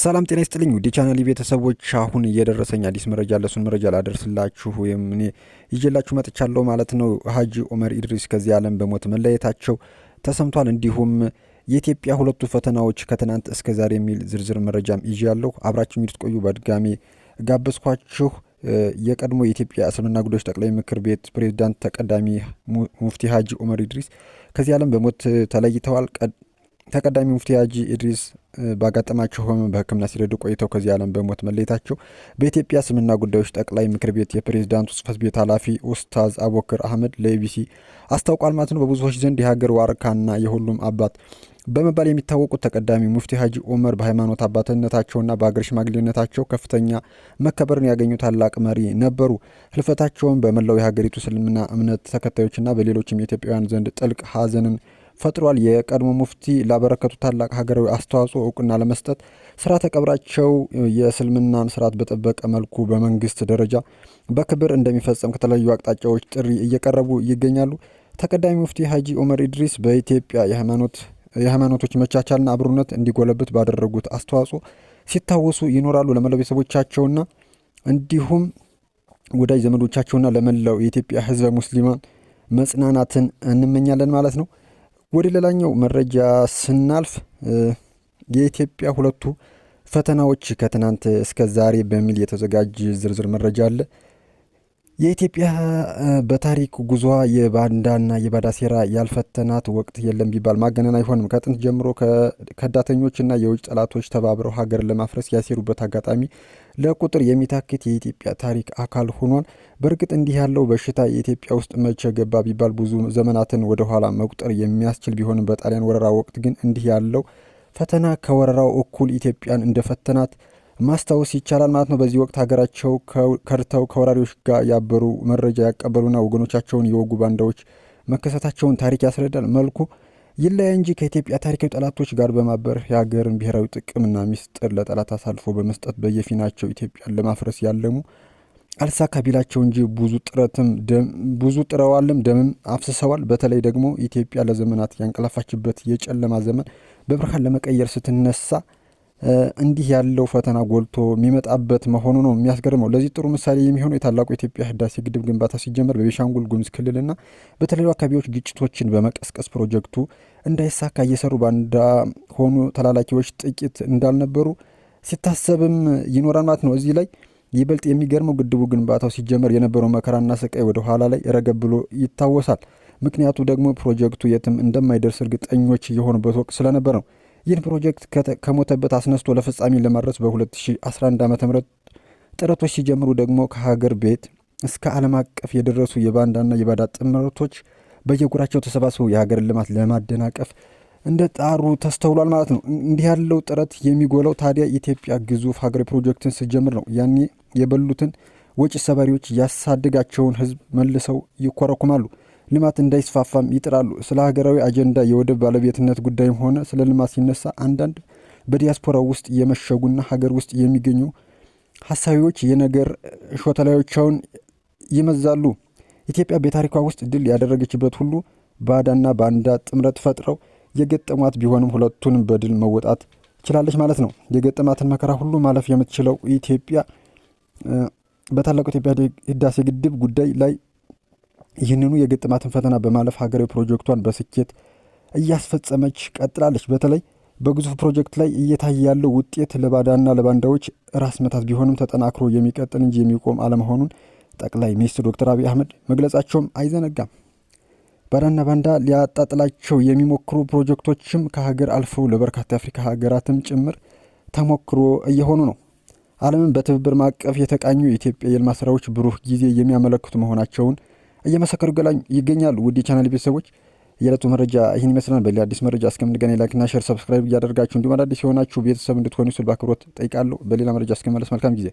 ሰላም ጤና ይስጥልኝ ውድ ቻናል ቤተሰቦች፣ አሁን እየደረሰኝ አዲስ መረጃ ለሱን መረጃ ላደርስላችሁ ወይም እኔ ይዤላችሁ መጥቻለሁ ማለት ነው። ሀጂ ኦመር ኢድሪስ ከዚህ ዓለም በሞት መለየታቸው ተሰምቷል። እንዲሁም የኢትዮጵያ ሁለቱ ፈተናዎች ከትናንት እስከ ዛሬ የሚል ዝርዝር መረጃም ይዣለሁ። አብራችሁ እንድትቆዩ በድጋሚ ጋበዝኳችሁ። የቀድሞ የኢትዮጵያ እስልምና ጉዳዮች ጠቅላይ ምክር ቤት ፕሬዚዳንት ተቀዳሚ ሙፍቲ ሀጂ ኦመር ኢድሪስ ከዚህ ዓለም በሞት ተለይተዋል። ተቀዳሚ ሙፍቲ ሀጂ ኢድሪስ ባጋጠማቸው ህመም በሕክምና ሲረዱ ቆይተው ከዚህ ዓለም በሞት መለየታቸው በኢትዮጵያ እስልምና ጉዳዮች ጠቅላይ ምክር ቤት የፕሬዝዳንቱ ጽህፈት ቤት ኃላፊ ኡስታዝ አቦክር አህመድ ለኢቢሲ አስታውቋል ማለት ነው። በብዙዎች ዘንድ የሀገር ዋርካና የሁሉም አባት በመባል የሚታወቁት ተቀዳሚ ሙፍቲ ሀጂ ኡመር በሃይማኖት አባትነታቸውና በሀገር ሽማግሌነታቸው ከፍተኛ መከበርን ያገኙ ታላቅ መሪ ነበሩ። ህልፈታቸውን በመላው የሀገሪቱ እስልምና እምነት ተከታዮችና በሌሎችም የኢትዮጵያውያን ዘንድ ጥልቅ ሀዘንን ፈጥሯል። የቀድሞ ሙፍቲ ላበረከቱ ታላቅ ሀገራዊ አስተዋጽኦ እውቅና ለመስጠት ስርዓተ ቀብራቸው የእስልምናን ስርዓት በጠበቀ መልኩ በመንግስት ደረጃ በክብር እንደሚፈጸም ከተለያዩ አቅጣጫዎች ጥሪ እየቀረቡ ይገኛሉ። ተቀዳሚ ሙፍቲ ሀጂ ኦመር ኢድሪስ በኢትዮጵያ የሃይማኖት የሃይማኖቶች መቻቻልና አብሮነት እንዲጎለብት ባደረጉት አስተዋጽኦ ሲታወሱ ይኖራሉ። ለመላው ቤተሰቦቻቸውና እንዲሁም ወዳጅ ዘመዶቻቸውና ለመላው የኢትዮጵያ ህዝበ ሙስሊማን መጽናናትን እንመኛለን ማለት ነው። ወደ ሌላኛው መረጃ ስናልፍ የኢትዮጵያ ሁለቱ ፈተናዎች ከትናንት እስከ ዛሬ በሚል የተዘጋጀ ዝርዝር መረጃ አለ። የኢትዮጵያ በታሪክ ጉዟ የባንዳና የባዳ ሴራ ያልፈተናት ወቅት የለም ቢባል ማገነን አይሆንም። ከጥንት ጀምሮ ከዳተኞችና የውጭ ጠላቶች ተባብረው ሀገር ለማፍረስ ያሴሩበት አጋጣሚ ለቁጥር የሚታክት የኢትዮጵያ ታሪክ አካል ሆኗል። በእርግጥ እንዲህ ያለው በሽታ የኢትዮጵያ ውስጥ መቼ ገባ ቢባል ብዙ ዘመናትን ወደኋላ መቁጠር የሚያስችል ቢሆንም በጣሊያን ወረራ ወቅት ግን እንዲህ ያለው ፈተና ከወረራው እኩል ኢትዮጵያን እንደፈተናት ማስታወስ ይቻላል ማለት ነው። በዚህ ወቅት ሀገራቸው ከርተው ከወራሪዎች ጋር ያበሩ መረጃ ያቀበሉና ወገኖቻቸውን የወጉ ባንዳዎች መከሰታቸውን ታሪክ ያስረዳል። መልኩ ይለያ እንጂ ከኢትዮጵያ ታሪካዊ ጠላቶች ጋር በማበር የሀገርን ብሔራዊ ጥቅምና ሚስጥር ለጠላት አሳልፎ በመስጠት በየፊናቸው ኢትዮጵያን ለማፍረስ ያለሙ አልሳካ ቢላቸው እንጂ ብዙ ጥረትም ብዙ ጥረዋልም ደምም አፍስሰዋል። በተለይ ደግሞ ኢትዮጵያ ለዘመናት ያንቀላፋችበት የጨለማ ዘመን በብርሃን ለመቀየር ስትነሳ እንዲህ ያለው ፈተና ጎልቶ የሚመጣበት መሆኑ ነው የሚያስገርመው። ለዚህ ጥሩ ምሳሌ የሚሆነው የታላቁ የኢትዮጵያ ህዳሴ ግድብ ግንባታ ሲጀመር በቤሻንጉል ጉሙዝ ክልልና በተለያዩ አካባቢዎች ግጭቶችን በመቀስቀስ ፕሮጀክቱ እንዳይሳካ እየሰሩ ባንዳ ሆኑ ተላላኪዎች ጥቂት እንዳልነበሩ ሲታሰብም ይኖራል ማለት ነው። እዚህ ላይ ይበልጥ የሚገርመው ግድቡ ግንባታው ሲጀመር የነበረው መከራና ስቃይ ወደ ኋላ ላይ ረገብ ብሎ ይታወሳል። ምክንያቱ ደግሞ ፕሮጀክቱ የትም እንደማይደርስ እርግጠኞች የሆኑበት ወቅት ስለነበር ነው። ይህን ፕሮጀክት ከሞተበት አስነስቶ ለፍጻሜ ለማድረስ በ2011 ዓ ም ጥረቶች ሲጀምሩ ደግሞ ከሀገር ቤት እስከ ዓለም አቀፍ የደረሱ የባንዳና የባዳ ጥምረቶች በየጉራቸው ተሰባስበው የሀገርን ልማት ለማደናቀፍ እንደ ጣሩ ተስተውሏል ማለት ነው። እንዲህ ያለው ጥረት የሚጎለው ታዲያ ኢትዮጵያ ግዙፍ ሀገራዊ ፕሮጀክትን ስትጀምር ነው። ያኔ የበሉትን ወጪ ሰባሪዎች ያሳደጋቸውን ህዝብ መልሰው ይኮረኩማሉ። ልማት እንዳይስፋፋም ይጥራሉ። ስለ ሀገራዊ አጀንዳ የወደብ ባለቤትነት ጉዳይም ሆነ ስለ ልማት ሲነሳ አንዳንድ በዲያስፖራ ውስጥ የመሸጉና ሀገር ውስጥ የሚገኙ ሀሳቢዎች የነገር ሾተላዮቻውን ይመዛሉ። ኢትዮጵያ በታሪኳ ውስጥ ድል ያደረገችበት ሁሉ ባዳና ባንዳ ጥምረት ፈጥረው የገጠሟት ቢሆንም ሁለቱንም በድል መወጣት ችላለች ማለት ነው። የገጠማትን መከራ ሁሉ ማለፍ የምትችለው ኢትዮጵያ በታላቁ ኢትዮጵያ ህዳሴ ግድብ ጉዳይ ላይ ይህንኑ የግጥማትን ፈተና በማለፍ ሀገራዊ ፕሮጀክቷን በስኬት እያስፈጸመች ቀጥላለች። በተለይ በግዙፍ ፕሮጀክት ላይ እየታየ ያለው ውጤት ለባዳና ለባንዳዎች ራስ መታት ቢሆንም ተጠናክሮ የሚቀጥል እንጂ የሚቆም አለመሆኑን ጠቅላይ ሚኒስትር ዶክተር አብይ አህመድ መግለጻቸውም አይዘነጋም። ባዳና ባንዳ ሊያጣጥላቸው የሚሞክሩ ፕሮጀክቶችም ከሀገር አልፈው ለበርካታ የአፍሪካ ሀገራትም ጭምር ተሞክሮ እየሆኑ ነው። ዓለምን በትብብር ማቀፍ የተቃኙ የኢትዮጵያ የልማት ስራዎች ብሩህ ጊዜ የሚያመለክቱ መሆናቸውን እየመሰከሩ ገላኝ ይገኛሉ። ውድ የቻናል ቤተሰቦች የዕለቱ መረጃ ይህን ይመስላል። በሌላ አዲስ መረጃ እስከምንገናኝ ላይክና ሸር ሰብስክራይብ እያደርጋችሁ እንዲሁም አዳዲስ የሆናችሁ ቤተሰብ እንድትሆኑ ስል በአክብሮት ጠይቃለሁ። በሌላ መረጃ እስከመለስ መልካም ጊዜ